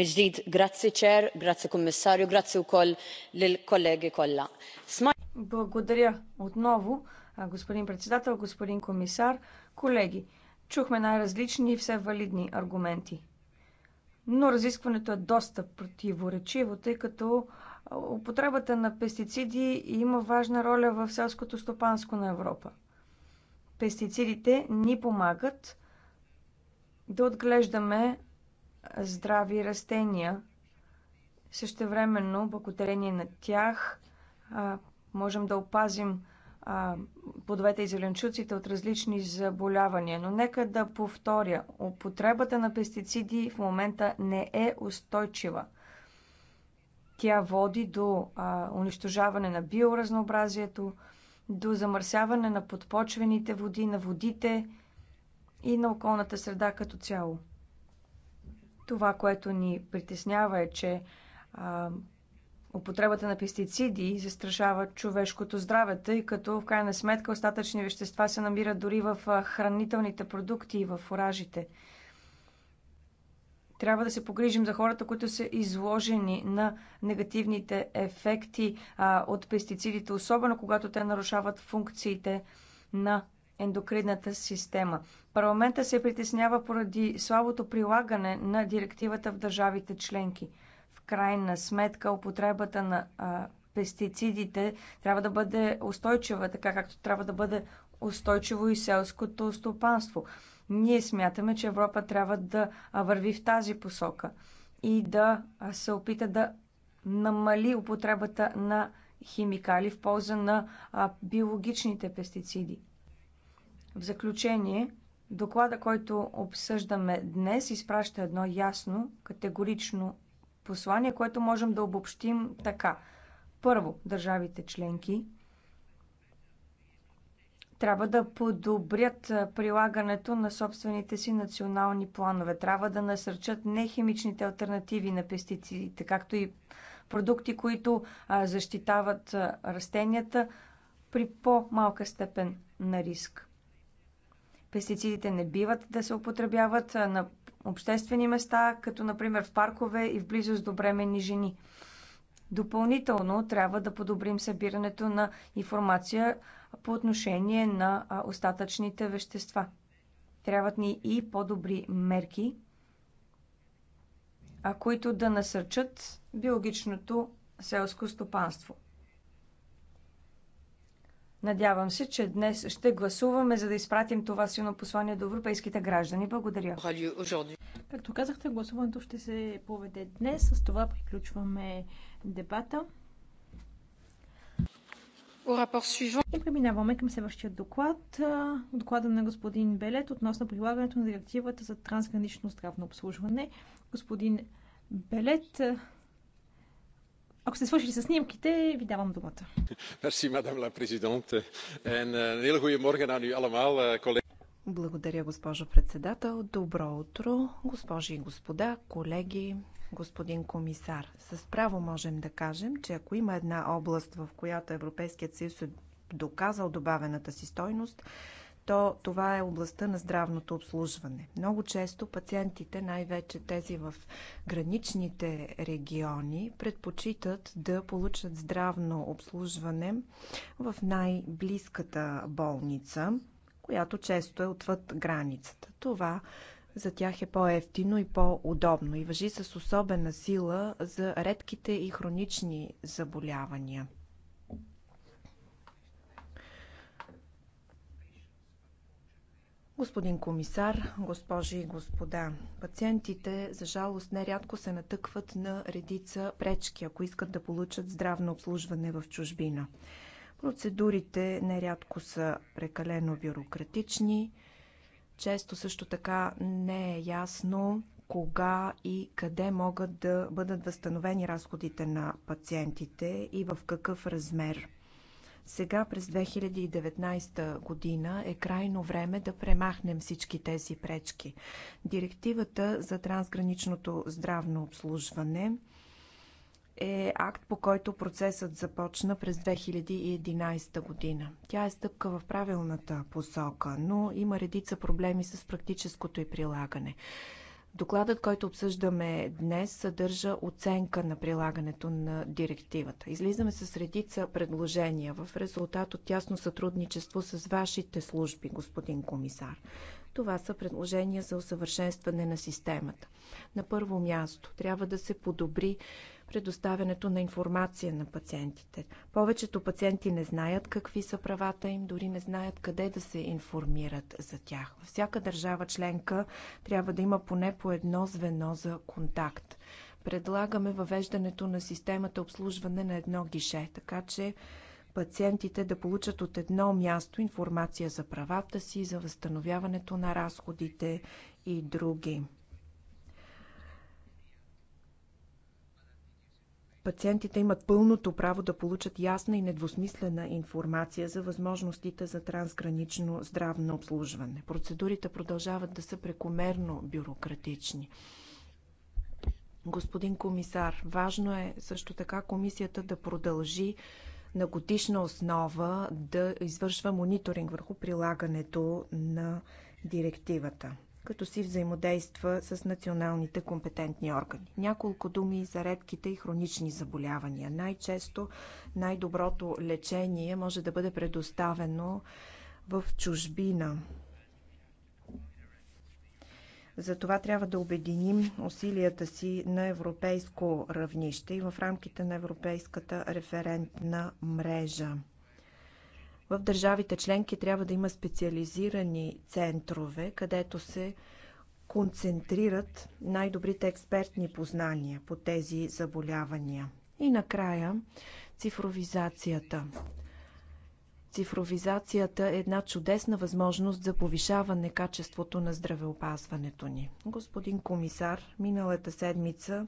mill-ġdid grazzi chair grazzi kummissarju grazzi wkoll lill-kollegi kollha. Благодаря отново, господин председател, господин комисар. Колеги, чухме най-различни и все валидни аргументи. Но разискването е доста противоречиво, тъй като употребата на пестициди има важна роля в селското стопанско на Европа. Пестицидите ни помагат да отглеждаме здрави растения. Същевременно, благодарение на тях, а, можем да опазим плодовете и зеленчуците от различни заболявания. Но нека да повторя, употребата на пестициди в момента не е устойчива. Тя води до а, унищожаване на биоразнообразието, до замърсяване на подпочвените води, на водите и на околната среда като цяло. Това, което ни притеснява е, че а, употребата на пестициди застрашава човешкото здраве, тъй като в крайна сметка остатъчни вещества се намират дори в хранителните продукти и в фуражите. Трябва да се погрижим за хората, които са изложени на негативните ефекти а, от пестицидите, особено когато те нарушават функциите на ендокринната система. Парламента се притеснява поради слабото прилагане на директивата в държавите членки. В крайна сметка употребата на а, пестицидите трябва да бъде устойчива, така както трябва да бъде устойчиво и селското стопанство. Ние смятаме, че Европа трябва да върви в тази посока и да се опита да намали употребата на химикали в полза на биологичните пестициди. В заключение, доклада, който обсъждаме днес, изпраща едно ясно, категорично послание, което можем да обобщим така. Първо, държавите членки трябва да подобрят прилагането на собствените си национални планове. Трябва да насърчат нехимичните альтернативи на пестицидите, както и продукти, които защитават растенията при по-малка степен на риск. Пестицидите не биват да се употребяват на обществени места, като например в паркове и в близост до бремени жени. Допълнително трябва да подобрим събирането на информация по отношение на остатъчните вещества. Трябват ни и по-добри мерки, които да насърчат биологичното селско стопанство. Надявам се, че днес ще гласуваме, за да изпратим това силно послание до европейските граждани. Благодаря. Както казахте, гласуването ще се поведе днес. С това приключваме дебата. И преминаваме към следващия доклад. Доклада на господин Белет относно прилагането на директивата за трансгранично здравно обслужване. Господин Белет, ако сте свършили с снимките, ви давам думата. Мерси, мадам ла президент. Е, е, Благодаря, госпожо председател. Добро утро, госпожи и господа, колеги, господин комисар. С право можем да кажем, че ако има една област, в която Европейският съюз е доказал добавената си стойност, то това е областта на здравното обслужване. Много често пациентите, най-вече тези в граничните региони, предпочитат да получат здравно обслужване в най-близката болница, която често е отвъд границата. Това за тях е по-ефтино и по-удобно и въжи с особена сила за редките и хронични заболявания – Господин комисар, госпожи и господа, пациентите за жалост нерядко се натъкват на редица пречки, ако искат да получат здравно обслужване в чужбина. Процедурите нерядко са прекалено бюрократични, често също така не е ясно кога и къде могат да бъдат възстановени разходите на пациентите и в какъв размер – сега през 2019 година е крайно време да премахнем всички тези пречки. Директивата за трансграничното здравно обслужване е акт, по който процесът започна през 2011 година. Тя е стъпка в правилната посока, но има редица проблеми с практическото й прилагане. Докладът, който обсъждаме днес, съдържа оценка на прилагането на директивата. Излизаме с редица предложения в резултат от тясно сътрудничество с вашите служби, господин комисар. Това са предложения за усъвършенстване на системата. На първо място трябва да се подобри предоставянето на информация на пациентите. Повечето пациенти не знаят какви са правата им, дори не знаят къде да се информират за тях. Във всяка държава членка трябва да има поне по едно звено за контакт. Предлагаме въвеждането на системата обслужване на едно гише, така че пациентите да получат от едно място информация за правата си, за възстановяването на разходите и други. Пациентите имат пълното право да получат ясна и недвусмислена информация за възможностите за трансгранично здравно обслужване. Процедурите продължават да са прекомерно бюрократични. Господин комисар, важно е също така комисията да продължи на годишна основа да извършва мониторинг върху прилагането на директивата като си взаимодейства с националните компетентни органи. Няколко думи за редките и хронични заболявания. Най-често най-доброто лечение може да бъде предоставено в чужбина. Затова трябва да обединим усилията си на европейско равнище и в рамките на Европейската референтна мрежа. В държавите членки трябва да има специализирани центрове, където се концентрират най-добрите експертни познания по тези заболявания. И накрая цифровизацията. Цифровизацията е една чудесна възможност за повишаване качеството на здравеопазването ни. Господин комисар, миналата седмица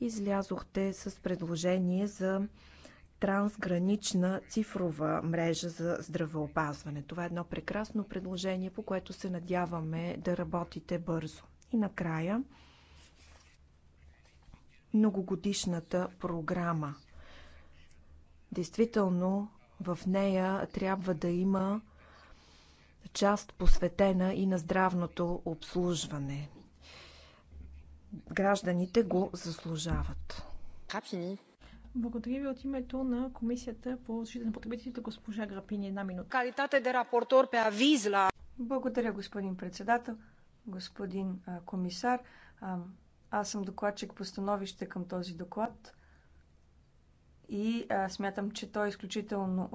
излязохте с предложение за трансгранична цифрова мрежа за здравеопазване. Това е едно прекрасно предложение, по което се надяваме да работите бързо. И накрая многогодишната програма. Действително в нея трябва да има част посветена и на здравното обслужване. Гражданите го заслужават. Благодаря ви от името на Комисията по защита на потребителите, госпожа Грапини. Една минута. Калитате де рапортор пе авизла. Благодаря, господин председател, господин а, комисар. А, аз съм докладчик по становище към този доклад и а, смятам, че той е изключително